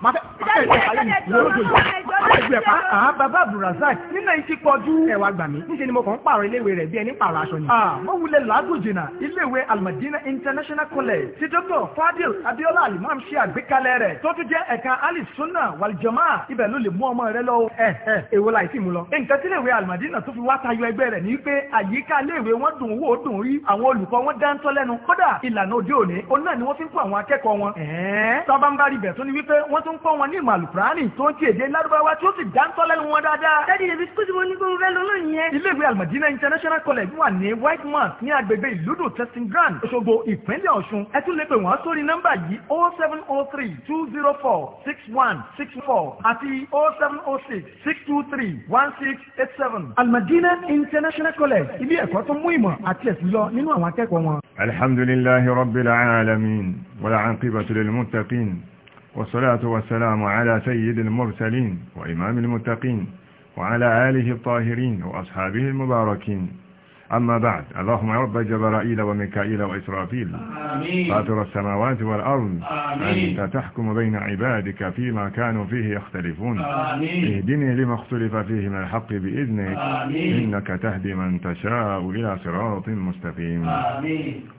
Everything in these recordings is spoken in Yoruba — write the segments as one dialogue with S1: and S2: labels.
S1: 麻烦麻烦你，麻烦你。ẹgbẹ̀fà àá bàbá abdulrasaq nínú ìtì pọ̀jù. ẹ wá gbà mí níṣẹ́ ni mo kàn ń pààrọ̀ iléèwé rẹ̀ bí ẹni pààrọ̀ aṣọ ni. mo wulẹ̀ làágùn jìnnà iléèwé almadina international college ti dr fadil abiola alimam ṣe àgbékalẹ̀ rẹ̀ tó tún jẹ́ ẹ̀ka alisunna walijama ibẹ̀ ló lè mú ọmọ rẹ lọ. ẹ ẹ èwo la ìtì mu lọ. nǹkan tí iléèwé almadina tó fi wá tayọ ẹgbẹ́ rẹ̀ ni pé àyíká iléèwé wọn dùn wò ó dùn rí àwọn olùkọ́ wọn dáńtọ́ lẹ́nu kódà ìlànà òde òní òun ni wọ́n fi ń kọ́ àwọn akẹ́kọ̀ọ́ wọn. sábà ń bá rí bẹ̀ tó ni wípé wọ́n tún kọ́ wọn ní ìmọ̀ tó ń ti èdè lárúbáwá ọba tí ó sì dáńtọ́ lẹ́nu wọn dáadáa. dáàdi ìdèbí kú sí mo ní kó mo fẹ́ lọ náà yẹn. iléèwé almadina international college wà ní white mart ní agbègbè Ludo testing ground òṣogbo ìpínlẹ̀ ọ̀ṣun ẹ tún lè pè wọ́n sórí nọ́mbà yìí o oh seven o oh three two zero four six one six four àti o oh seven o six six two three one six eight seven. almadina international college ilé ẹ̀kọ́ tó mú ìmọ̀ àti
S2: ẹ̀sìn lọ nínú àwọn akẹ́kọ̀ọ́ wọn. alhamdulillahi rabbil alamin wal aqibatu lil muttaqin والصلاة والسلام على سيد المرسلين وإمام المتقين وعلى آله الطاهرين وأصحابه المباركين أما بعد اللهم رب جبرائيل وميكائيل وإسرافيل فاطر السماوات والأرض
S3: آمين.
S2: أنت تحكم بين عبادك فيما كانوا فيه يختلفون آمين. اهدني لما اختلف فيه من الحق بإذنك آمين. إنك تهدي من تشاء إلى صراط مستقيم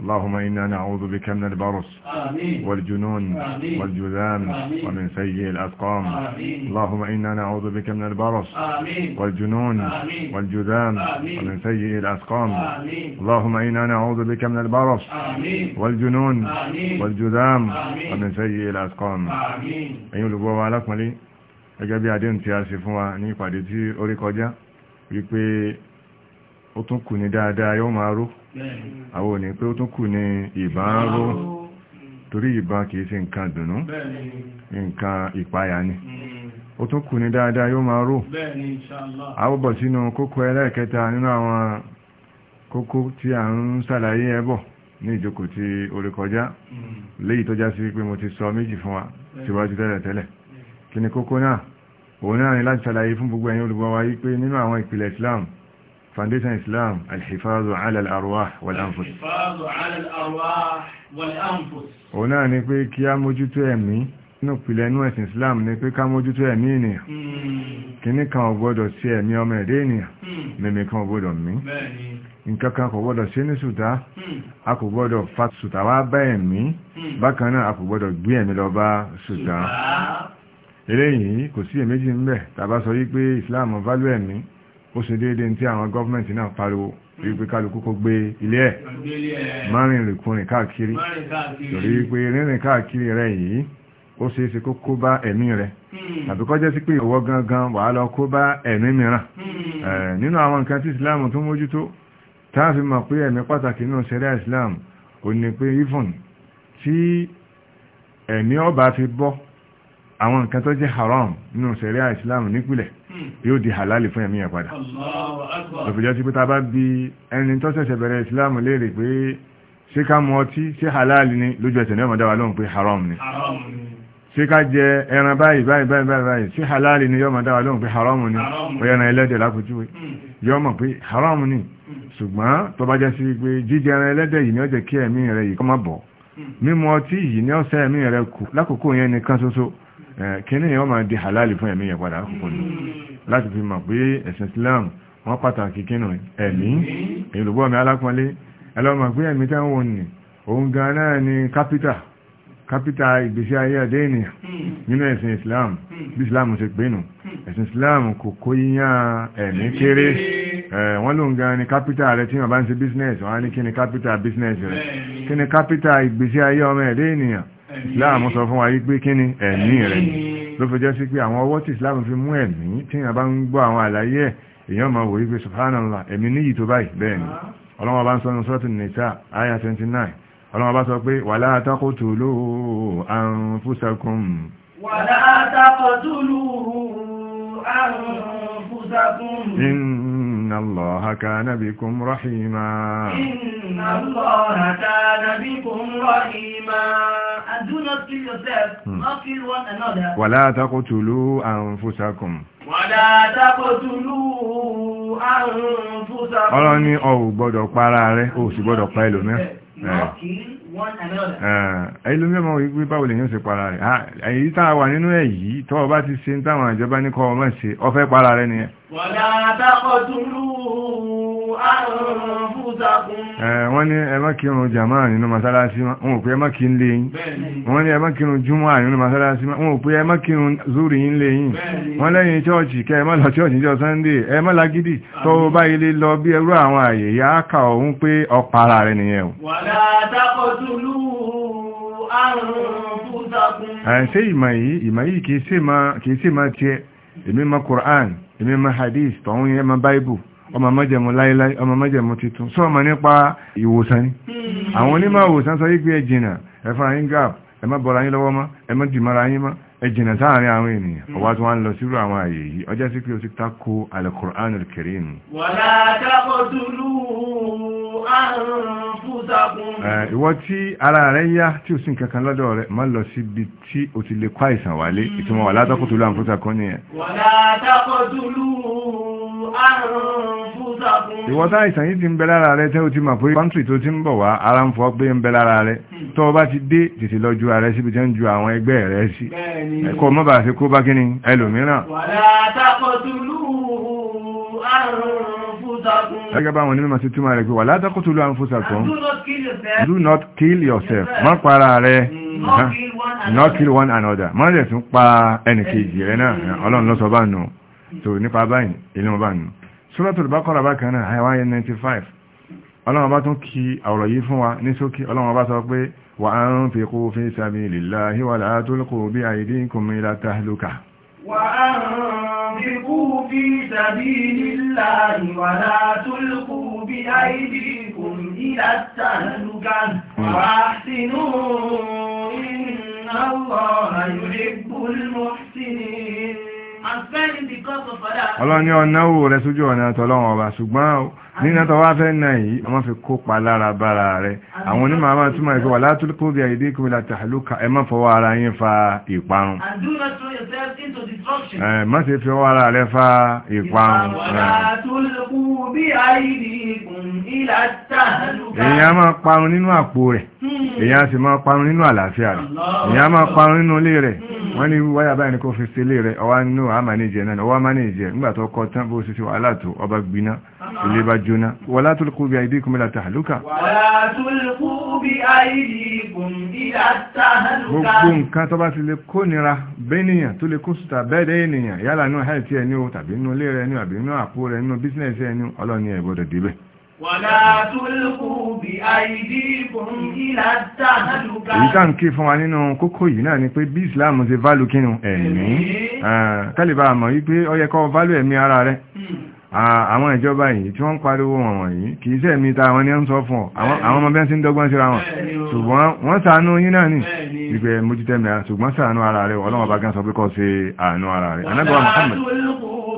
S2: اللهم إنا نعوذ بك من البرص آمين. والجنون آمين. والجذام ومن سيء الأسقام اللهم إنا نعوذ بك من البرص آمين. والجنون آمين. والجذام ومن سيء الأسقام الحرام آمين. اللهم إنا نعوذ بك من البرص والجنون والجذام ومن سيء الأسقام a ṣe fún wa ní ìpàdé tí ó rí kọjá wípé ó tún torí kìí kókó tí a ń sàlàyé ẹbọ ní ìjókòó tí orí kọjá mm. léyìí tó já sí pé mo ti sọ méjì fún wa mm. síwájú tẹ́lẹ̀ tẹ́lẹ̀ mm. kí ni kókó náà òun náà ni láti sàlàyé fún gbogbo ẹ̀yin olùgbọ́ wa yí pé nínú àwọn ìpìlẹ̀ Islam foundation Islam alhifazu ala al-arwah wal anfus òun náà ni pé kí a mójútó ẹ̀mí nínú ìpìlẹ̀ inú ẹ̀sìn Islam ni pé ká mójútó ẹ̀mí ènìyàn kìíní kan ò gbọ́dọ̀ sí ẹ̀mí ọmọ ẹ̀dẹ́ ènìyàn mímí kan ò mí nǹkan kan kò gbọ́dọ̀ ṣe ní sùtá hmm. a kò gbọ́dọ̀ fa sùtá wá bá ẹ̀mí hmm. bákan náà a kò gbọ́dọ̀ gbé ẹ̀mí lọ bá sùtá eléyìí kò sí èméjì ń bẹ̀ tàbá sọ wípé Islam válú ẹ̀mí ó ṣe déédéé tí àwọn gọ́ọ̀mẹ̀ntì náà pariwo hmm. wípé kálukú kó gbé ilé ẹ̀ márùn ìrìnkúnrin káàkiri torí wípé rírìn káàkiri rẹ̀ yìí ó ṣe é ṣe kó kó bá ẹ̀mí rẹ̀ tàbí kọjá sí pé ìwọ gangan wàá lọ kó bá ẹ̀mí mìíràn nínú àwọn nǹkan tí Islam tó mójútó tààfi ma pé ẹ̀mí pàtàkì náà ṣẹ̀ríà Islam ò ní pé even tí ẹ̀mí ọba fi bọ́ àwọn nǹkan tó jẹ́ haram nínú ṣẹ̀ríà Islam nípìlẹ̀ yóò di halali fún ẹ̀mí ẹ̀ padà lọ́fìjọ́ sí pé ta bá bi ẹni tó ṣẹ̀ṣẹ̀ bẹ̀rẹ̀ Islam léèrè pé ṣé ká mu ọtí ṣé halali ni lójú ẹsẹ̀ ní ọmọdé wa lóhùn pé haram ni ṣé ká jẹ ẹran báyìí báyìí báyìí báyìí ṣé halali ni yọmọdé wa pé haram ni ọyọ ẹlẹ́dẹ̀ lápòjúwe hmm. yọmọ pé haram ni hmm ṣùgbọ́n tó bá jẹ́ sí pé jíjẹran ẹlẹ́dẹ̀ yìí ni ó jẹ́ kí ẹ̀mí rẹ̀ yìí kó má bọ̀ hmm. mímu ọtí yìí ni ó ṣe ẹ̀mí rẹ̀ kù lákòókò yẹn nìkan ṣoṣo kíní yẹn wọ́n máa di halali fún ẹ̀mí yẹn padà àkókò ní hmm. láti fi mọ̀ pé ẹ̀sìn Islam wọ́n pàtàkì kínú ẹ̀mí ìlúbọ̀ hmm. mi alápọ̀nlé ẹlọ́mọ̀ pé ẹ̀mí tẹ́ ń wò ní òun gan náà ni kápítà kápítà ìgbésí ayé ẹ̀dẹ́ ènìyàn nínú ẹ̀sìn Islam bí Islam ṣe gbénu ẹ̀sìn Islam kò kó yíyàn ẹ̀mí kéré Eh, wọ́n ló ń gan ni kápítà rẹ̀ tí wọ́n bá ń ṣe business wọ́n á ní kí ni kápítà business rẹ̀ kí ni kápítà ìgbésí ayé ọmọ ẹ̀dẹ́ ènìyàn Islam sọ fún wa yí pé kí ni ẹ̀mí rẹ̀ ló fi jẹ́ sí pé àwọn ọwọ́ tí Islam fi mú ẹ̀mí tí wọ́n bá ń gbọ́ àwọn àlàyé ẹ̀ èèyàn máa wòye pé subhanallah ẹ̀mí níyì tó báyìí bẹ́ẹ̀ ni uh-huh. ọlọ́wọ́ bá ń sọ nínú sọ́ọ̀tì nìta ayah 29 ọlọ́wọ́ bá sọ pé wala taqtulu anfusakum
S1: wala taqtulu anfusakum
S2: إن الله كان بكم رحيما
S1: إن الله كان بكم رحيما And do not kill yourself, hmm. not kill one another.
S2: ولا تقتلوا أنفسكم
S1: ولا تقتلوا أنفسكم Ọlọ́run ní
S2: o ò gbọ́dọ̀ para rẹ, o sì gbọ́dọ̀ pa ẹlòmíràn. Not
S1: kill
S2: ẹlòmí ọmọ wípé báwo lèyàn ṣe para rẹ̀ ah, èyí tá wà nínú èyí tó o bá ti ṣe ń táwọn ìjọba ní kọ́ ọmọ ṣe o fẹ́ para rẹ̀ nìyẹn
S1: ولا تقتلوا أنفسكم
S2: wọ́n ní ẹ má kírun jàmáà nínú masalasi wọn ò pé ẹ má kí ń lè yìn wọ́n ní ẹ má masalasi wọn ẹ má kírun zúrì yìn lè yìn wọ́n lẹ́yìn chọ́ọ̀chì bá ilé lọ bí ẹrú àwọn àyè yá o.
S1: àrùn
S2: ìmọ̀ yìí ìmọ̀ sí ma tiẹ̀ ma èmi ma hadith tọ̀hún yẹn ma báìbù ọmọ mọ́jẹ̀mú láíláí ọmọ mọ́jẹ̀mú titun sọ ma nípa ìwòsàn ni àwọn onímọ̀ ìwòsàn sọ yígbé ẹjìnà ẹ̀fà yín gap ẹ má bọ́ra yín lọ́wọ́ mọ́ ẹ má dìmọ́ra yín mọ́ ẹjìnà sáàrin àwọn ènìyàn ọwá tí wọ́n lọ sírò àwọn àyè quran al-Karim ìwọ tí ara rẹ̀ yá tí ò sí nǹkan kan lọ́dọ̀ rẹ̀ má lọ síbi tí o ti lè kó àìsàn wálé hmm. ìtumọ̀ wà látọ́kùtù lọ àǹfúsàkún nìyẹn ìwọ tá àìsàn yìí ti ń bẹ lára rẹ̀ tẹ́ o ti mọ̀ pé pàǹtì tó ti ń bọ̀ wá ara ń fọ́ pé ń bẹ lára rẹ̀ hmm. tọ́ bá ti dé tètè lọ ju síbi tẹ́ ń ju àwọn ẹgbẹ́ rẹ̀ sí ẹ̀kọ́ mọ́ bá ṣe kó bá kíni ẹlòmíràn Gẹ́gẹ́ bá wọn ní mímọ̀ sí túnmọ̀ rẹ̀ pé wà látàkùtù lọ àǹfúsàkùn. Do not kill yourself. Má para rẹ̀. Mm. Not kill one another. Má lè tún pa ẹnìkejì rẹ̀ náà. Mm. Ọlọ́run ló sọ bá nù. So nípa báyìí, ilé wọn bá nù. Suratul Baqara bákan náà, Àyàwá 95. Ọlọ́run bá tún kí àwọ̀rọ̀ yìí wa ní sókè. Wa anfiqu fi sabilillahi wa la
S1: وأنفقوا في سبيل الله ولا تلقوا بأيديكم إلى التهلكة وأحسنوا إن الله يحب المحسنين. Ọlọ́run
S2: ní ọ̀nà owó rẹ̀ sójú ọ̀nà tọ́lọ́wọ̀n ọba ṣùgbọ́n nínú tọwá fẹ́ náà yìí ọmọ fi kópa lára bára rẹ̀ àwọn onímọ̀ àwọn túnmọ̀ ìfẹ́ wà látúlùkú bí àìdí kò la tàhálùkà ẹ má fọwọ́ ara yín fa ìparun ẹ má ṣe fi ara rẹ̀ fa ìparun èyàn máa parun nínú àpò rẹ̀ hmm. èyàn sì máa parun nínú àlàáfíà rẹ̀ èyàn máa parun nínú ilé rẹ̀ hmm. wọ́n ní wáyà báyìí kó fi sílé rẹ̀ ọwá nínú àmà ní náà ọwá má nígbà tó kọ tán bó ṣe ṣe wàhálà ọba gbiná ilé bá jóná wala tulqu bi aydikum ila tahluka
S1: wala tulqu bi aydikum ila tahluka gbogbo nǹkan
S2: tó bá ti lè kó nira bẹ́nìyàn tó lè kó sùtà bẹ́ẹ̀dẹ́ ènìyàn yálà nínú hẹ́ẹ̀tì ẹni o tàbí nínú ilé rẹ ni àbí nínú àpò rẹ nínú bísínẹ̀sì ẹni ọlọ́ni ẹ̀ gbọ́dọ̀ débẹ̀
S1: Wàlá tulqu bi aydikum ila tahluka. Èyí tá ń
S2: ké fún wa nínú kókó yìí náà ni pé bí Ìsìláàmù ṣe válù kínú ẹ̀mí. Ah, Kálíbà mọ̀ wípé ó yẹ kó válù ẹ̀mí ara rẹ̀ àwọn ìjọba yìí tí wọ́n ń pariwo wọn wọ̀nyí kì í sẹ́ẹ̀mí ta àwọn ní ń sọ fún àwọn ọmọ bẹ́ẹ̀ sí ń dọ́gbọ́n síra wọn ṣùgbọ́n wọ́n sàánú yín náà ní ìgbẹ̀ mójútẹ́mìí ṣùgbọ́n sàánú ara rẹ̀ ọlọ́wọ́ bá gán sọ pé kó ṣe àánú ara rẹ̀ anábọ̀ Muhammad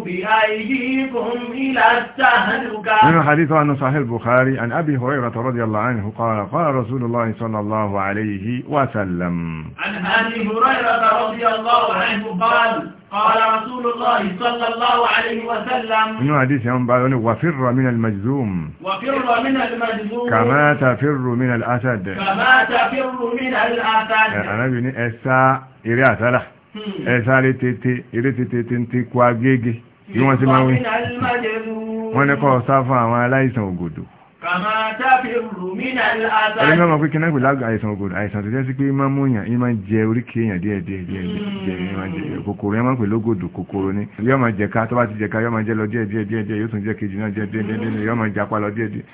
S1: بأيديكم إلى التهلكة من الحديث
S2: عن صحيح البخاري عن أبي هريرة رضي الله عنه قال قال رسول الله صلى الله عليه وسلم
S1: عن أبي هريرة رضي الله عنه قال قال رسول الله صلى الله عليه وسلم
S2: من حديث يوم بعد وفر من المجذوم
S1: وفر من المجذوم كما
S2: تفر من الأسد كما تفر من الأسد أنا اه، بني إسا إريا سلح إسا لتتي إريا تتي تنتي كواجيجي bí wọ́n ti máa wí wọ́n ní kọ́ sá fún àwọn aláìsàn ògòdò
S1: kàmá tábìlù ẹni náà mọ̀
S2: pé kínáà pẹ̀lú àìsàn ògòdò àìsàn tó jẹ́ sí pé máa mú yàn yín máa jẹ oríkèé èèyàn díẹ̀ díẹ̀ díẹ̀ díẹ̀ kòkòrò yẹn máa pẹ̀lú ògòdò kòkòrò ni yóò máa jẹ ká tó bá ti jẹ ká yóò máa jẹ lọ díẹ̀ díẹ̀ díẹ̀ díẹ̀ yóò tún jẹ kejì náà díẹ̀ díẹ̀ díẹ̀ yóò máa japa lọ díẹ̀ díẹ̀.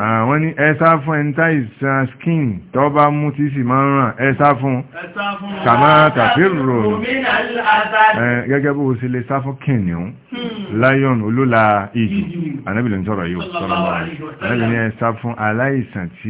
S2: àwọn ní ẹ sá fún ẹni tá ìsàn skin tó bá mú tí sì máa ń ràn ẹ sá fún kàmá tàbí rò gẹ́gẹ́ bó o ṣe lè sá fún kìnìún lion olóla ìjì ànábìlẹ̀ ń sọ̀rọ̀ yìí ó sọ̀rọ̀ lọ́wọ́ ànábìlẹ̀ ń sá fún aláìsàn tí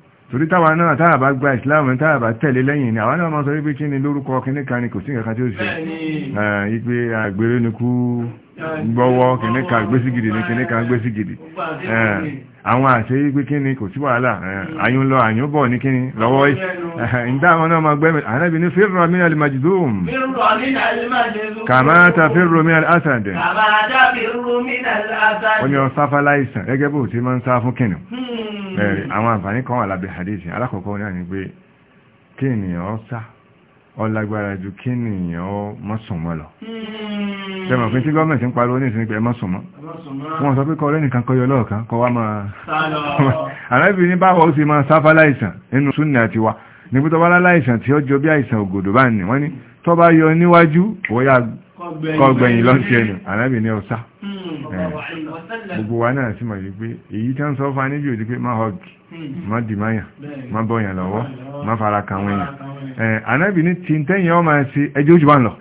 S2: torí táwa náà táà bá gba ìsìláàmù táà bá tẹ̀lé lẹ́yìn ni àwọn náà máa sọ wípé kí ni lórúkọ kíníkan ni kò sí nǹkan tí ó ṣe ìgbé àgbèrè nìkú ka kìíní kan gbésígidi ní kìíní kan gbésígidi àwọn àṣẹ pé kíni kò sí wàhálà àyún lọ àyún bọ̀ ní kíni lọ́wọ́ ìdá àwọn náà ma gbẹ́mẹ̀ ànábì ní fírọ̀ lè majidum
S1: kàmáta
S2: láìsàn gẹ́gẹ́ bó ti máa ń sá fún kíni hmm. àwọn àǹfààní kan wà lábẹ́ hadith alákọ̀ọ́kọ́ ní ọlágbára ju kí nìyàn ọ mọ́sùnmọ́ lọ.
S3: Hmm. ṣẹ́mọ̀ pín tí gọ́ọ̀mẹ̀ntì ń
S2: pariwo ní ìsinmi pé mọ́sùnmọ́ wọ́n sọ pé kọ́ lẹ́nìkan kọ́ yọlọ́ọ̀kan kọ́ wá máa àrẹ́bì ní báwọ̀ ó sì máa sáfá láìsàn nínú súnni àti wa ní pé tọ́bá láìsàn tí ó jọ bí àìsàn ògòdò bá ní wọ́n ní tọ́bá yọ níwájú bóyá kọ́gbẹ̀yìn lọ sí ẹnu àrẹ́bì ní ọ̀sá hmm. eh. gbogbo wa náà sì mọ̀ yìí pé èyí tán sọ fún aníbi òdi pé má hug hmm. má dìmáyà má bọ̀yàn lọ́wọ́ má fara kan wọn yẹn anábì ní tí tẹ́yìn ọmọ ẹ̀sí ẹjọ́ òjò bá ń lọ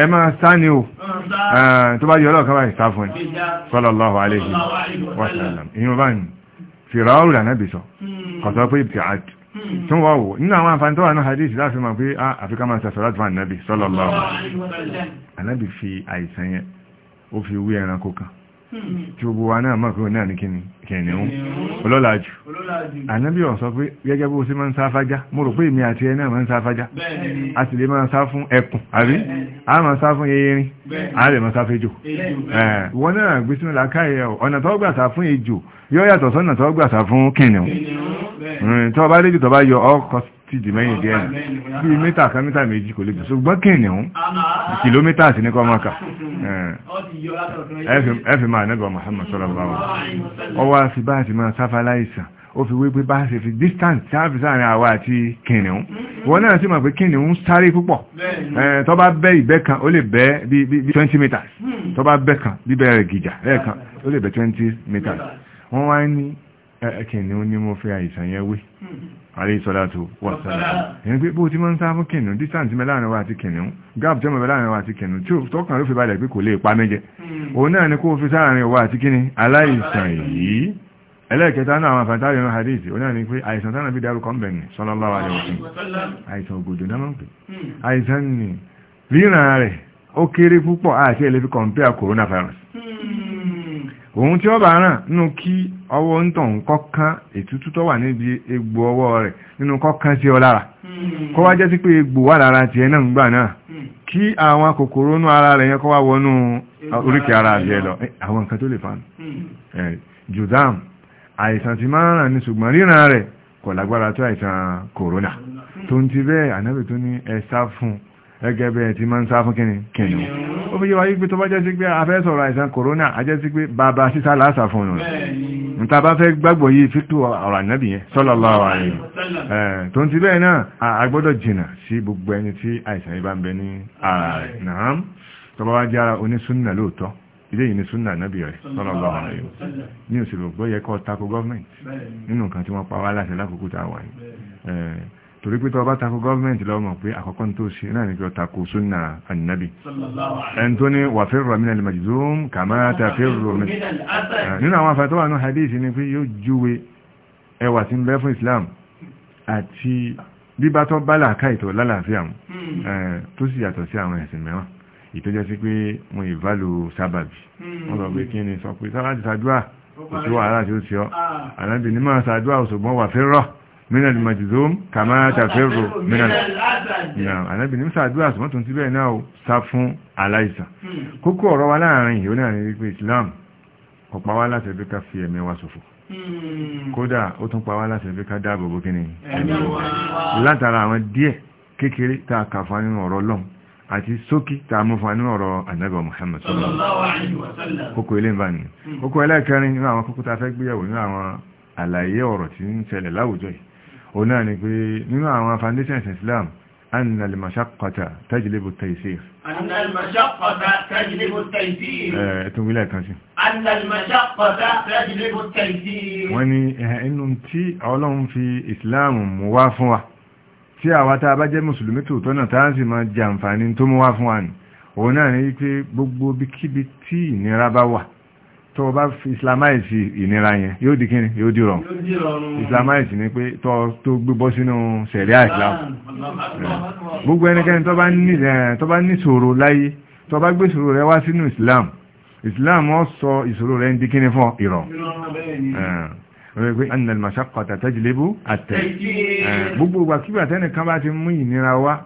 S2: ẹ máa sá ni o tó bá yọ ọlọ́ọ̀ká báyìí sá fún ẹ sallallahu alaihi wa sallam ìyẹn bá ń fìràwọ̀ rẹ̀ anábì sọ kọ̀tọ́ pé ibi àti tún wá wò nínú àwọn àǹfààní tó wà ní hadith láti mọ̀ pé ah, àfikà máa sàṣọ láti wà nàbì sallallahu alaihi wa sallam fi àìsàn yẹn ó fi wí ẹranko kan jùgbò wa náà mọ̀ pé o náà ní kíni kẹ̀ẹ̀nìún olólàájú ànábí ọ̀ sọ pé gẹ́gẹ́ bó sí máa ń sá fájá mo rò pé èmi àti ẹ náà máa ń sá fájá a sì lè máa sá fún ẹkùn àbí a máa sá fún erin a lè máa sá fún ejò wọn náà gbé sínú làákàyè ọ̀nà tó gbà sá fún ejò yóò yàtọ̀ sọ́nà tó gbà sá fún kẹ̀ẹ̀nìún hmm, tó bá léjì tó bá yọ ọkọ̀ ti dì mẹ́yìn díẹ̀ bí mítà kan mítà méjì kò lè jù ṣùgbọ́n kẹ̀ẹ̀nìún kìlómítà sí ní kọ́ mọ́ka Hmm. ẹ̀fì máa nẹ́gbà Muhammad sallallahu alaihi wasallam ọwọ́ fi bá ti máa sáfà láìsàn ó fi wípé bá ṣe fi distance sáàfi sáàrin àwa àti kìnìún wọ́n náà sì ma pé kìnìún sáré púpọ̀ tó bá bẹ́ ìbẹ́ kan ó lè bẹ́ bí 20 meters hmm. tó bá bẹ́ kan bíbẹ̀ rẹ̀ gìjà lẹ́ẹ̀kan ó lè bẹ́ 20 meters hmm. wọ́n wá ní kìnìún ni mo fi àìsàn yẹn wé alayhi salatu wassalam ẹni pé bó ti máa ń sá fún kìnnìún distance mẹ́ láàrin wa àti kìnnìún gap jẹ́ mẹ́ láàrin wa àti kìnnìún tí tọ́kàn ló fi balẹ̀ pé kò lè pa méje hmm. òun náà ni kó fi sáàrin wa àti kíni aláìsàn yìí ẹlẹ́ẹ̀kẹta náà àwọn àfàtàrí ìran hadith oní àní pé àìsàn tánà bí dárúkọ ń bẹ̀rẹ̀ sallallahu alaihi wasallam àìsàn ògòdò dámọ́ pé hmm. àìsàn ni ríran rẹ̀ ó kéré púpọ̀ àti ẹlẹ́fi compare coronavirus hmm. òun tí ó bá ràn nínú kí ọwọ́ ń tàn kọ́kán ètútú tó wà níbi egbò ọwọ́ rẹ̀ nínú kọ́kán sí ọ lára hmm. kó wá jẹ́ sí pé egbò wà lára ti ẹ̀ náà ń gbà náà hmm. kí àwọn kòkòrò nú ara rẹ̀ yẹn kó wá wọnú oríkì ara rẹ̀ lọ eh, àwọn nǹkan tó lè fa jùdám hmm. eh, àìsàn ti máa ràn ní ṣùgbọ́n ríran rẹ̀ kò lágbára tó àìsàn kòrónà tó ń ti bẹ́ẹ̀ ẹgẹ́ bẹ́ẹ̀ tí máa ń sá fún kíni kíni ó fi yẹ wáyé pé tó bá jẹ́ sí pé afẹ́ sọ̀rọ̀ àìsàn kòrónà ajẹ́ sí pé bàbá sísá lásà fún un níta bá fẹ́ gbàgbọ́ yìí fíkú ọ̀rọ̀ ànábì yẹn sallallahu alaihi tó ń ti bẹ́ẹ̀ náà a gbọ́dọ̀ jìnà sí gbogbo ẹni tí àìsàn yìí bá ń bẹ ní ara torí pé tó bá tako gọ́ọ̀mẹ́ntì lọ́mọ̀ pé àkọ́kọ́ tó ṣe náà níjọ tako súnà annabi ẹn tó ní wà firru minal majzum kama tafirru min eh, nínú àwọn afẹ́tọ́ ní hadith ni pé yóò júwe ẹwà tí ń fún islam àti bíbá tó bá làákà ìtọ̀ lálàáfíà mu hmm. eh, tó sì yàtọ̀ sí àwọn ẹ̀sìn mẹ́wàá ìtọ́jẹ́ sí pé wọn ìválò sábàbí hmm. wọn sọ pé kí ni sọ pé sábàbí sàdúà kò sí minal majzum kama tafirru minal na anabi nimsa àdúrà so tun ti be na o sá fún aláìsàn kókó ọ̀rọ̀ wa láàrin yìí ona ni pé islam kò pa wá láṣẹ bí ká fi ẹ̀mí wa ṣòfò kódà ó tún pa wá láṣẹ bí ká dáàbò bò kíni látara àwọn díẹ̀ kékeré tá a kà fún nínú ọ̀rọ̀ Ọlọ́run àti sókí tá a Muhammad sallallahu
S1: alaihi wasallam kókó
S2: ilé ń bá ní kókó ẹlẹ́ẹ̀kẹrin nínú àwọn kókó tá a fẹ́ gbéyàwó nínú àwọn àlàyé ọ̀rọ̀ tí ń ṣẹlẹ̀ láwùjọ òun náà ni pé nínú àwọn foundations Islam أن المشقة تجلب التيسير
S1: أن المشقة تجلب التيسير أه، تقول لك أن المشقة تجلب التيسير واني
S2: إنهم تي علم في إسلام موافوة tí àwa tá a bá jẹ́ mùsùlùmí tòótọ́ náà tá a sì máa jàǹfààní tó mú wá fún wa ní òun náà ní wípé gbogbo bíkíbi tí ìnira bá wà tó o bá fi islamize ìnira yẹn yóò di kíni yóò di rọrùn islamize ni pé tó tó gbébọ́ sínú sẹ̀ríà islam
S3: gbogbo ẹnikẹ́ni
S2: tó bá níṣòro láyé tó bá gbé ìṣòro rẹ wá sínú islam islam ó sọ ìṣòro rẹ ń di kíni fún ìrọ̀ rẹ̀ pé annal mashaqqata tajlibu àtẹ̀ gbogbo ìgbàkígbà tẹ́nìkan bá ti mú ìnira wá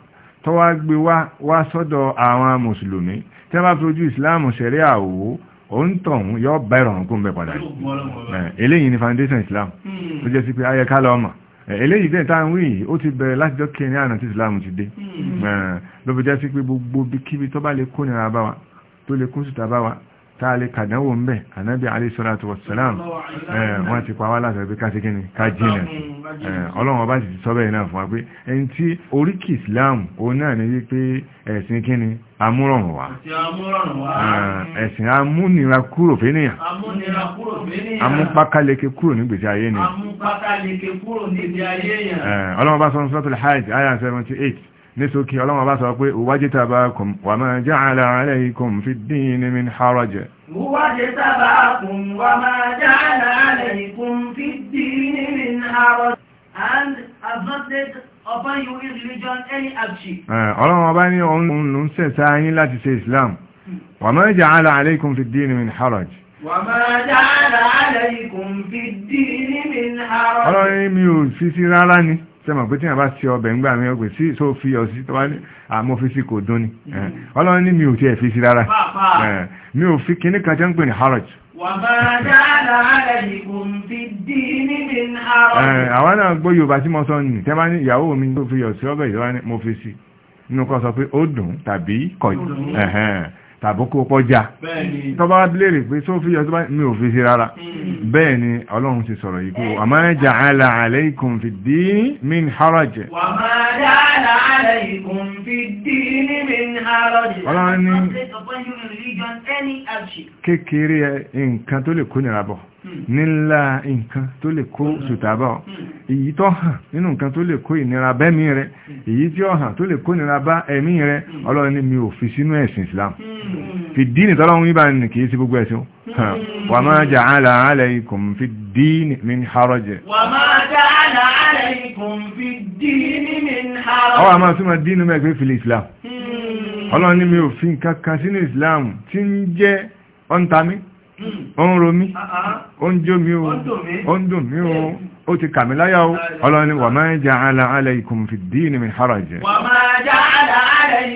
S2: tó wá gbé wá sọ́dọ̀ àwọn mùsùlùmí tẹ́ bá fojú islam sẹ̀ríà wò òun tọ̀hún yọ bá ìrọ̀rùn kún bẹ padà eléyìí ni foundation islam tó hmm. jẹ́ sí pé ayẹ ká lọ mọ̀ eléyìí dẹ̀ táà ń wí ó ti bẹ̀rẹ̀ látijọ́ kẹrin àná tí islam ti dé hmm. ló fi jẹ́ sí pé gbogbo bí kíbi tó bá lè kó nira bá tó lè kó sùtà bá wa táàlé kàdánwò ń bẹ̀ ànábì alayhi salatu wassalam wọ́n ti pa wá láti ẹ̀bí káṣí kí ni ká jìnà sí ọlọ́run ọba sì ti sọ bẹ́ẹ̀ náà fún wa pé ẹni tí oríkì islam òun náà ní wípé ẹ̀sìn kí ni amúrọ̀rùn wa ẹ̀sìn amúnira kúrò fẹ́nìyàn
S1: amúpákáleke
S2: kúrò ní gbèsè ayé ni ọlọ́run ọba sọ ní suratul hajj ayah 78 nísòkè ọlọ́wọ́n bá sọ pé wajtabakum wa ma ja'ala alaykum fi ddini min haraj.
S1: wajtabakum wa ma ja'ala alaykum fi ddini min haraj. and adopted bá
S2: ní òun ló ń láti ṣe islam hmm. wa ma ja'ala alaykum fi ddini min haraj.
S1: wa ma ja'ala alaykum
S3: fi
S2: mi ò fi sí rárá ni sẹ́mọ̀ pé tí wọ́n bá ṣe ọbẹ̀ ńgbà mi ọgbẹ̀ sí so fi ọ̀sí tó wá ní àmọ́ fi sí kò dún ni mm-hmm. ọlọ́run ní mi ò tiẹ̀ fi sí rárá mi ò fi kíní kan jẹ́ ń pè ní harrod àwọn náà gbọ́ yorùbá tí mo sọ ní tẹ́ bá ní ìyàwó mi tó fi ọ̀sí ọbẹ̀ ìjọba mo fi sí inú kan sọ pé ó dùn tàbí kọ̀ yìí tàbí kó pọ́já tọba abúlérè pé só fi ọdún mi ò fi sí rárá hmm. bẹ́ẹ̀ ni ọlọ́run ti sọ̀rọ̀ yìí kó wà máa jà àlà àlẹ́ikùn fi dí min harajẹ ọlọ́run ni kékeré nǹkan tó lè kó nira bọ̀ hmm. nílá nǹkan tó lè kó sùtà hmm. bọ̀ hmm. èyí tó hàn nínú nǹkan tó lè kó ìnira bẹ́mí rẹ èyí tí ó hàn tó lè kó nira bá ẹ̀mí rẹ ọlọ́run ni mi ò fi sínú ẹ̀sìn Islam fìdí nìtọ́lọ́run yíba ni kìí sí gbogbo ẹ̀sìn wa ma ja'ala alaykum fi ddini min haraj wa
S1: ma ja'ala alaykum túnmọ̀
S2: dínú mẹ́gbẹ́ fìlì Islam ọlọ́run ní mi ò fi nǹkan kan sínú Islam tí ń jẹ́ ọ́ntami ó ń ro mí ó ń jó mi o ó ń dùn mí o ó ti kà mí láyà o ọlọ́run ní wa ma ja'ala alaykum fi ddini min haraj wa ma ja'ala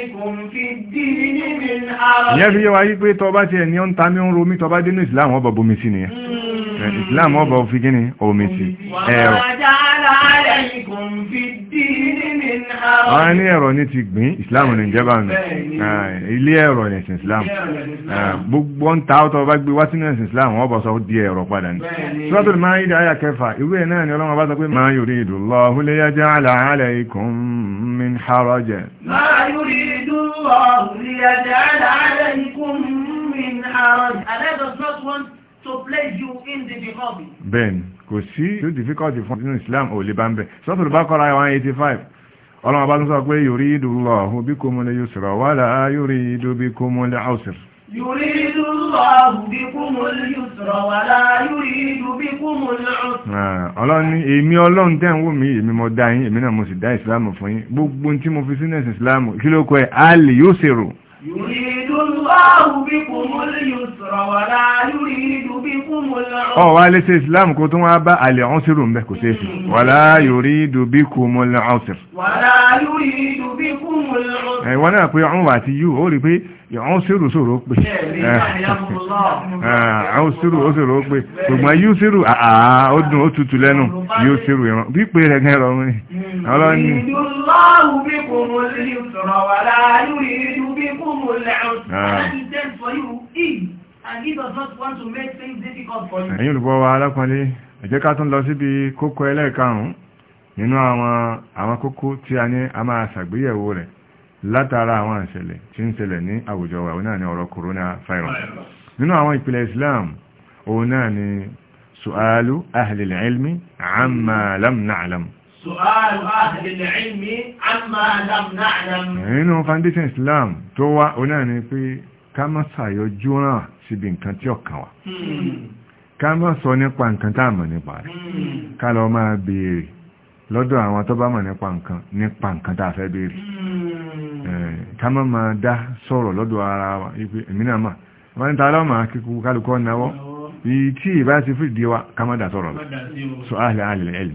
S1: fi ddini min haraj ìyẹn fi yẹ wa yí
S2: pé tọba tiẹ̀ ní ọ́ntami ó ń ro mí tọba dénú Islam ọba bomi sí nìyẹn hmm. eh, Islam ọba òfin gíní omi sí ẹ̀rọ. wa ma eh, ja'ala alaykum
S1: fi ddini a ní ẹ̀rọ ní ti
S2: gbìn islam ní ìjẹba nù ilé ẹ̀rọ ní ẹ̀sìn islam eh, gbogbo ń ta ọ̀tọ̀ bá gbé wá sínú ẹ̀sìn islam wọ́n bọ̀ sọ di ẹ̀rọ padà ní suratul maida àyà kẹfà ìwé ẹ̀ náà ni ọlọ́run bá sọ pé ma yuridu Allahu li yaj'ala alaykum min min haraj
S1: does not want to place you in the difficulty.
S2: bẹ́ẹ̀ni kò sí tó difficulty fún nínú islam ò lè bá ń bẹ̀ suratul baqara 185 ọlọ́run bá tún sọ pé yuridullahu bikumul yusra wala yuridu bikumul usra
S1: yuridullahu bikumul yusra wala yuridu bikumul usra
S2: ah, ọlọ́run ní èmi ọlọ́run tẹ́ ń wò mí èmi mo dá yín èmi náà mo sì dá ìsìláàmù fún yín gbogbo tí mo fi sínú ìsìláàmù ọ̀ wa lé sí islam kó tún wá bá àlẹ̀ ọ̀sìrù mẹ́ kò tẹ́sì wàlá yuridu bikumul ọ̀sìrù
S1: wàlá yuridu bikumul ọ̀sìrù
S2: ẹ̀wọ́n náà pé ọ̀hún wà ti yú ó rí pé àwọn sírù sòrò pé ah, àwọn sírù ó sòrò pé ṣùgbọ́n yíò sírù àà ó dùn ó tutù lẹ́nu yíò sírù ìran bí pé rẹ̀ gẹ́rọ mi ọlọ́ni ẹ̀yin olùgbọ́ wa alápọ̀lẹ́ ẹ ká tún lọ síbi kókó ẹlẹ́ẹ̀karùn-ún nínú àwọn kókó tí a ní a máa ṣàgbéyẹ̀wò rẹ̀ látara àwọn ìṣẹ̀lẹ̀ tí ń ṣẹlẹ̀ ní àwùjọ wa náà ni ọ̀rọ̀ coronavirus nínú àwọn ìpìlẹ̀ Islam òun náà ni su'alu ahlil ilmi amma lam na'lam
S1: su'alu ahlil ilmi amma lam na'lam nínú
S2: foundation Islam tó wá òun náà ni pé ká má sàyọ júràn síbi nǹkan tí ọkàn wa ká má sọ nípa nǹkan tá mọ̀ nípa rẹ̀ hmm. ká lọ máa béèrè lọ́dọ̀ àwọn tó bá mọ̀ nípa nǹkan nípa nǹkan tá fẹ́ béèrè hmm ká eh, má máa dá sọ̀rọ̀ lọ́dọ̀ ara wa ipe ìmìnà mà wọ́n ní tààlọ́ máa kíkú kálukọ́ náwọ́ yìí tí ìbá ti fún ìdíwá ká má dá sọ̀rọ̀ lọ sọ áhìlẹ̀ áhìlẹ̀ ẹ̀lì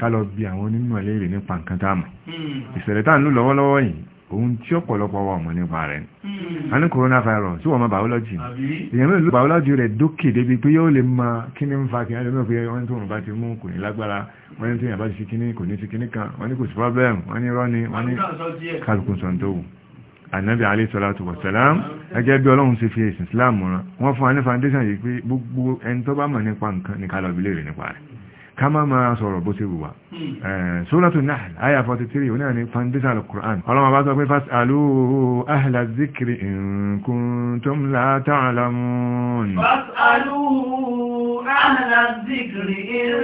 S2: ká lọ bí àwọn ohun tí ọ̀pọ̀lọpọ̀ wà mọ̀ nípa rẹ̀ hmm. a ní coronavirus tí wọ́n mọ̀ biology èèyàn mẹ́rin ló biology rẹ̀ dókè débi pé yóò lè mọ kí ni ń fa kí ni lómi òfin wọ́n tó òun bá ti mú kò ní lágbára wọ́n ní tó yàn bá ti ṣe kíní kò ní ti kíní kan wọ́n ní kò sí problem wọ́n ní rọ́ni wọ́n ní kálukú sọ̀ǹtòwù ànábì alayhi salatu wa salam ẹgẹ́ bí ọlọ́run ṣe fi ẹ̀sìn islam rán wọ́n fún wa ní foundation yìí pé gbogbo ẹni tó bá mọ̀ nípa nǹkan ní kálọ̀ bí léèrè nípa rẹ̀ kama ma sọ̀rọ̀ bó ti wù wá hmm. Suratu Nahl àyà 43 oní àní foundation al-Qur'an ọlọ́mọ bá sọ pé fas'alu ahla zikri in kuntum la ta'lamun
S1: fas'alu ahla zikri in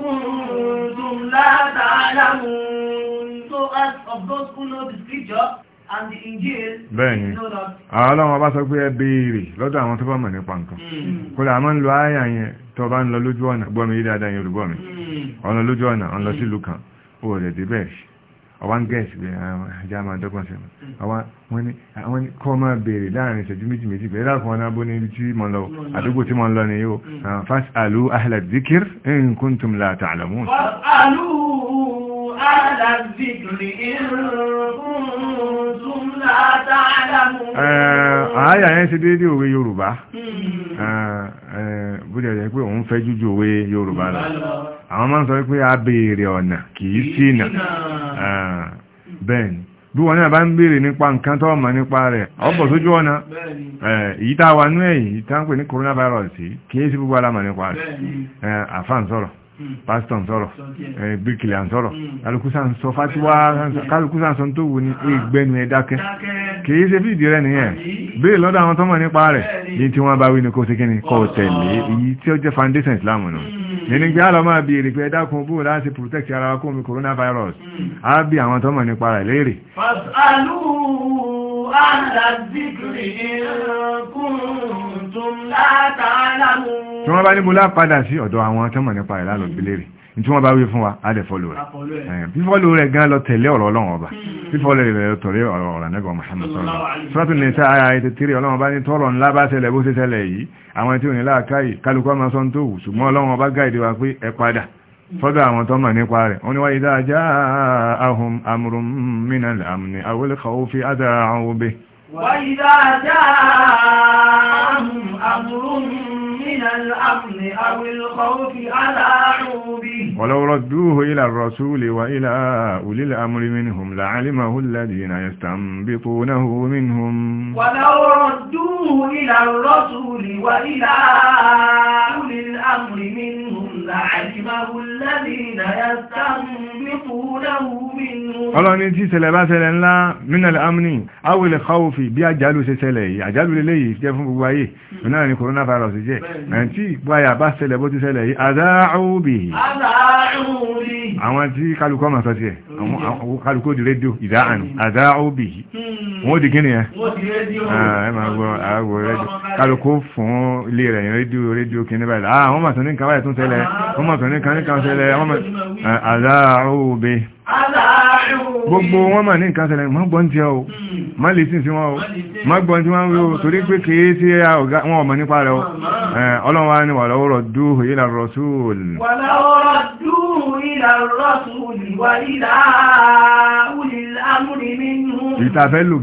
S1: kuntum la ta'lamun So as of those who know the scripture bẹ́ẹ̀ni àwọn
S2: ọlọ́run ọba sọ pé ẹ béèrè lọ́dọ̀ àwọn tó bá mọ̀ nípa nǹkan kó lè àmọ́ ń lo àyà yẹn tó bá ń lọ lójú ọ̀nà gbọ́mi yí dáadáa yẹn olùgbọ́mi hmm. ọ̀nà lójú ọ̀nà ọ̀nà hmm. sí ìlú kan ó rẹ̀ dé bẹ́ẹ̀ ọwá ń gẹ̀ẹ́sì pé ah, ajá máa dọ́gbọ́n sí hmm. àwọn ní kọ́ máa béèrè ààyà yẹn ti déédé òwe yorùbá hmm. bóde ẹ̀jẹ̀ pé òun fẹ́ jújú òwe yorùbá lọ hmm. àwọn máa ń sọ pé a ọ̀nà kìí ṣìnà bẹ́ẹ̀ni bí wọn náà bá ń béèrè nípa nǹkan tó ọmọ nípa rẹ̀ ọ̀pọ̀ sójú ọ̀nà èyí tá a wà nú tá ń pè ní coronavirus kìí sí gbogbo alámọ̀ nípa rẹ̀ àfáà ń pásítọ̀ ń sọ̀rọ̀ bíríkìlà ń sọ̀rọ̀ kálukúsà ń sọ fátíwá kálukúsà ń sọ tó wù ní ah. ìgbẹ́nu ẹ̀ dákẹ́ kìí ṣe fìdí rẹ̀ nìyẹn béèrè lọ́dọ̀ àwọn tọ́mọ̀ nípa rẹ̀ yìí tí wọ́n bá wí ní kó ṣe kíni kó tẹ̀lé èyí tí ó jẹ́ foundation Islam nù mm. nínú gbé àlọ́ máa bí èrè pé ẹ̀dákun bó láti protect ara wa kó omi coronavirus á mm. bí àwọn tọ́mọ̀ nípa rẹ̀ léèrè tí wọ́n bá ní mo lápadà sí ọ̀dọ̀ àwọn tó mọ̀ nípa ẹ̀ lálọ́ gbélé rẹ̀ tí wọ́n bá wí fún wa á dẹ̀ fọ́lù rẹ̀ fífọ́lù rẹ̀ gan lọ tẹ̀lé ọ̀rọ̀ ọlọ́run ọba hmm. fífọ́lù rẹ̀ lọ tọ̀lé ọ̀rọ̀ ọ̀rọ̀ nẹ́gbọ̀ Muhammad sọ́lọ́ sọ́tún ní sáà ara ètò tírí ọlọ́run ọba ní tọ́rọ̀ ńlá bá ṣẹlẹ̀ bó ṣe ṣẹlẹ̀ yìí àwọn tí ò ní láàkáyì kálukú ọmọ sọ́dọ̀ àwọn tó mọ̀ nípa rẹ̀ wọ́n ni wáyé dáadáa ahùn amúrùn mìíràn àmì àwọlẹ́kọ̀ọ́ fi adáhùn obè
S1: wáyé dáadáa ahùn amúrùn ولو
S2: ردوه إلى الرسول وإلى أولي الأمر منهم لعلمه الذين يستنبطونه منهم
S1: ولو ردوه إلى الرسول وإلى أولي الأمر منهم لعلمه الذين يستنبطونه منهم ọlọ́ni
S2: tí ṣẹlẹ̀ bá ṣẹlẹ̀ من الأمن أو الخوف bí àjálù ṣe ṣẹlẹ̀ yìí àjálù lélẹ́yìí jẹ́ fún gbogbo ayé náà ni coronavirus jẹ́ ẹ̀ntí ìpáyà bá ṣẹlẹ̀ bó ti ṣẹlẹ̀ yìí adáàrùbì àwọn tí kálukọ́ ma sọ sí ẹ̀ àwọn hmm. kálukọ́ di rédíò ìdáhànù adáàrùbì hmm. hmm. wọ́n di gíní ẹ̀ kálukọ́ fún ilé rẹ̀ rédíò rédíò kìíní báyìí àwọn ah, màtò ní nǹkan báyìí tún ṣẹlẹ̀ wọ́n màtò ní nǹkan ní kan ṣẹlẹ̀ adáàrùbì
S1: ah, ah, gbogbo wọn mà ní nǹkan ṣẹlẹ̀
S2: má gbọ́n tí ọ má lè sí sí wọn o má gbọ́n tí wọ́n wí o torí pé kìí sí wọn ọmọ nípa rẹ̀ o eh, ọlọ́run ni wà lọ́wọ́ rọ̀ dúhù ila rasul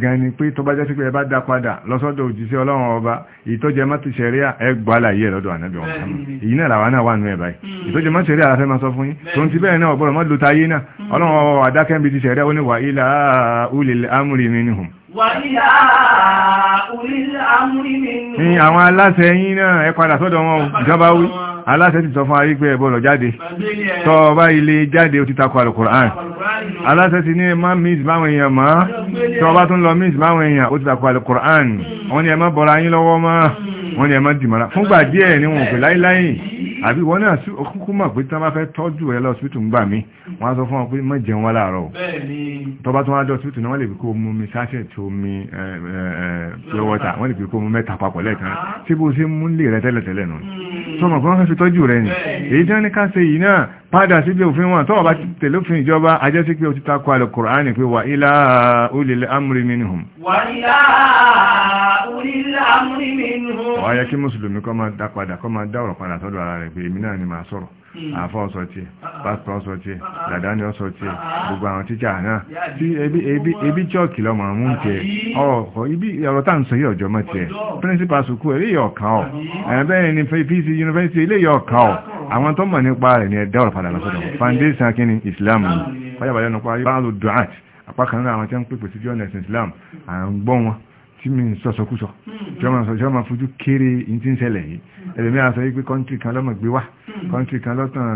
S2: gan ni pé tó bá jẹ́ sí pé ẹ bá dá padà lọ́sọ́dọ̀ òjíṣẹ́ la fẹ́ máa sọ fún yín hmm. tó ń ti ọlọ́run ọwọ́ àdákẹ́ bí ti ṣẹ̀rẹ́ ó ní wà ilá ulil amri minhum
S1: wà ilá ulil amri minhum ní àwọn aláṣẹ yín náà ẹ padà sọ́dọ̀ wọn ìjọba wí
S2: aláṣẹ ti sọ fún ayé pé ẹ bọ́lọ̀ jáde tọ́ ọba ilé jáde ó ti takọ alukur'an aláṣẹ ti ní ẹ má mìí báwọn èèyàn mọ́ tọ́ ọba tún lọ mìí báwọn mm. mm. ni wọ́n pè láíláyìn àbí wọ́n náà sí òkúkú mọ̀ pé tán bá fẹ́ tọ́jú ẹ lọ síbítù ń gbà mí wọ́n sọ fún ọ pé mọ́ jẹun láàárọ̀ tọba tó wá jọ síbítù náà wọ́n lè fi kó mú mi sáṣẹ̀ tó mi pure water wọ́n lè fi kó mú mẹ́ta papọ̀ lẹ́ẹ̀kan tí bó ṣe mú lè rẹ tẹ́lẹ̀tẹ́lẹ̀ nù hmm. ni èyí tí wọ́n ní ká ṣe yìí náà padà síbi òfin wọn tọ́wọ́ bá tẹ̀lé òfin ìjọba ajẹ́ sí pé o ti takọ àlọ́ kùránì pé wà ilá ulil amri minhum.
S1: wà ilá ulil amri minhum wá yẹ kí
S2: mùsùlùmí kọ́ máa dá padà kọ́ máa dá ọ̀rọ̀ padà sọ́dọ̀ ara rẹ̀ pé èmi náà ni màá sọ̀rọ̀ hmm. àfọ́ ọ̀sọ̀ tí ah. pásítọ̀ ọ̀sọ̀ tí ah. ah. dàdá ni ọ̀sọ̀ tí gbogbo àwọn tíjà náà tí ebi chọ́ọ̀kì lọ́mọ mú ń tẹ ọ̀rọ̀ ibi ọ̀rọ̀ tá ń sọ yìí ọjọ́ mọ́ tẹ principal school eléyìí ọ̀ka ọ̀ bẹ́ẹ̀ ni pc university eléyìí ọ̀ka ọ̀ àwọn tó mọ̀ nípa rẹ̀ ni ẹ̀dá ọ̀rọ̀ padà lọ́sọ̀dọ̀ foundation akínní Islam ni fàyàbàyà nípa báàlù duat apá kan náà àwọn tí wọ́n pèpè sí jọ́nà ẹ̀sìn Islam à ń gbọ́ wọn tí mi sọ́sọ̀kúsọ tí wọ́n máa fojú kéré in tí ń ṣẹlẹ̀ yìí hmm. ẹlẹ́mí àṣọ yìí pé kọ́ntì kan lọ́mọ̀ gbé wá kọ́ntì hmm. kan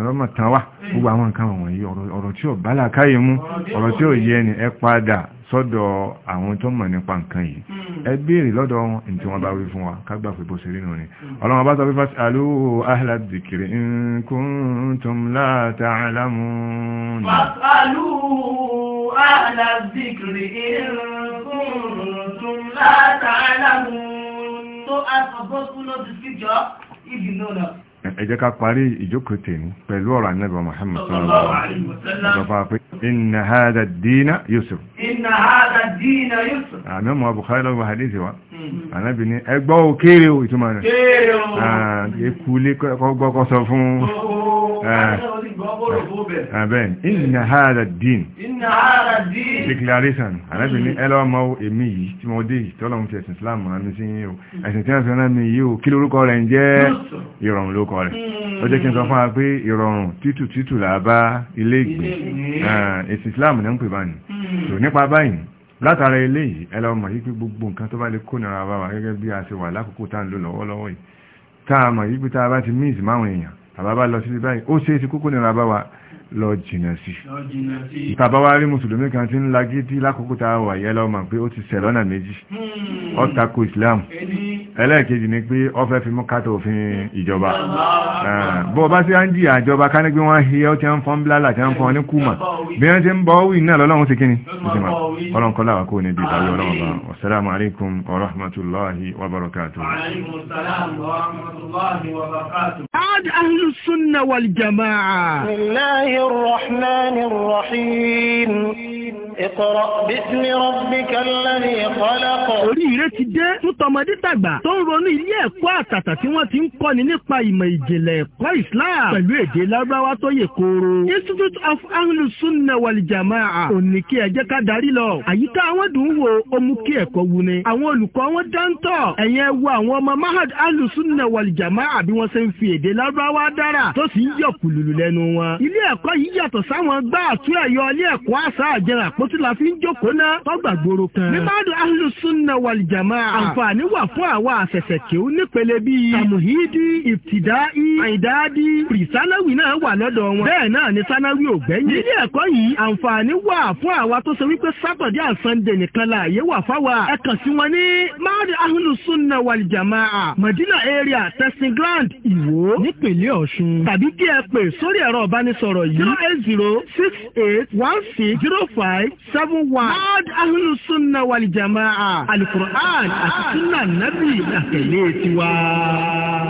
S2: lọ́mọ̀ tán wá hmm. gbogbo àwọn nǹkan wọ̀nyí ọ̀rọ̀ tí ò bálà káyé mú ọ̀rọ̀ tí ò yẹ ni ẹ padà sọ́dọ̀ àwọn tó mọ̀ nípa nǹkan yìí ẹ béèrè lọ́dọ̀ wọn ní tí wọ́n bá wí fún wa kágbà pé bó ṣe rí nù ni ọlọ́run bá sọ pé fásitì alú ahla dhikri in kuntum la ta'lamun.
S1: alú ahla dhikri in kuntum la ta'lamun. tó a sọ bó kú lójú síjọ́ ibi ló lọ. Ẹ
S2: jẹ́ ká parí ìjókòó tèmi pẹ̀lú ọ̀rọ̀ Ànábì Muhammad sallallahu alaihi wasallam. Ìjọba pé inna hadha dina yusr.
S1: Inna hadha dina yusr.
S2: ọmọ Bukhari wa. Hmm. Ànábì ní ẹgbọ́ kéré o ìtumọ̀ rẹ̀. Kéré o. Ah, Ekú ilé kọ́gbọ́kọ́ sọ ah, abẹ́n inna hada din
S1: declaration
S2: anábì ní ẹlọ́wọ́ mọ́ èmi yìí tí mo dé yìí tọ́lọ́run fi ẹ̀sìn Islam rán mi sí yìí o ẹ̀sìn tí wọ́n fi rán mi yìí o kí lórúkọ rẹ̀ ń jẹ́ ìrọ̀rùn lórúkọ rẹ̀ hmm. ó jẹ́ kí n sọ fún wa pé ìrọ̀rùn títù títù là bá ilé ìgbé ẹ̀sìn Islam ní ń pè báyìí tò hmm. nípa báyìí látara ilé yìí ẹlọ́mọ̀ yìí pé gbogbo nǹkan tó bá lè kó nira bá wa gẹ́gẹ́ bí a ṣe wà lákòókò tá à ń lò lọ́wọ́lọ́wọ́ yìí tá a mọ̀ yìí pé tá a bá ti mí ìsìmáwọn èèyàn àbábá lọ síbi báyìí ó ṣe kókó nira bá lọ jìnà sí ìtàbá wá rí mùsùlùmí kan tí ń lagídí lákòókò tá a wà yẹ́ lọ́mọ pé ó ti sẹ̀ lọ́nà méjì
S3: hmm. ó tako
S2: islam ẹlẹ́ẹ̀kejì ni pé ó fẹ́ fi mú kátó òfin ìjọba ah, bó bá sí áńjì àjọba ká ní pé wọ́n hi ọ́ tí wọ́n fọ́n bílálà tí wọ́n fọ́n ní kùmà bí wọ́n ti ń bọ́ wì náà lọ́lọ́run sí kíni ọlọ́run kọ́lá wà kó
S1: ní الله الرحمن الرحيم Orí ire ti dé fún tọmọdé tàgbà tó ń ronú ilé ẹ̀kọ́ àtàtà tí wọ́n ti ń kọ́ni nípa ìmọ̀ ìjìnlẹ̀ ẹ̀kọ́ Islam pẹ̀lú èdè Lárúbáwá tó yè kooro. Institute of Anglo Sunna wal Jamaa ò ní kí ẹ jẹ́ ká darí lọ. Àyíká àwọn dùn wo ó mú kí ẹ̀kọ́ wuni. Àwọn olùkọ́ wọn dáńtọ̀. Ẹ̀yẹn wo àwọn ọmọ Mahad Anglo Sunna wal Jamaa bí wọ́n ṣe ń fi èdè Lárúbáwá dára tó sì ń yọ̀ kùlùlù lẹ́nu wọn. Ilé ẹ̀kọ́ kó tí la fi ń jókòó náà tọ́gbàgbòrò kan. nígbàdù ahlùsúnà wàlìjàmá. àǹfààní wà fún àwa àfẹsẹ̀ kéwú nípele bíi. tamuhidi ibtidai aidadi prisanawi náà wà lọ́dọ̀ wọn. bẹ́ẹ̀ náà ni sanawi ò gbẹ́yìn. nílé ẹ̀kọ́ yìí àǹfààní wà fún àwa tó ṣe wípé sátọ̀dé and sunday nìkan la àyè wà fáwa. ẹ kàn sí wọn ní máàdì ahlùsúnà wàlìjàmá madina area testing ground ìwó nípínlẹ̀ ọ̀ṣun. tàbí kí ẹ pè sórí ẹ̀rọ ìbánisọ̀rọ̀ yìí zero eight zero six eight one six zero five seven one. Lord Ahlul Sunna wal Jama'a. Alukur'an àti Sunna Nabi àtẹ̀lé tiwa.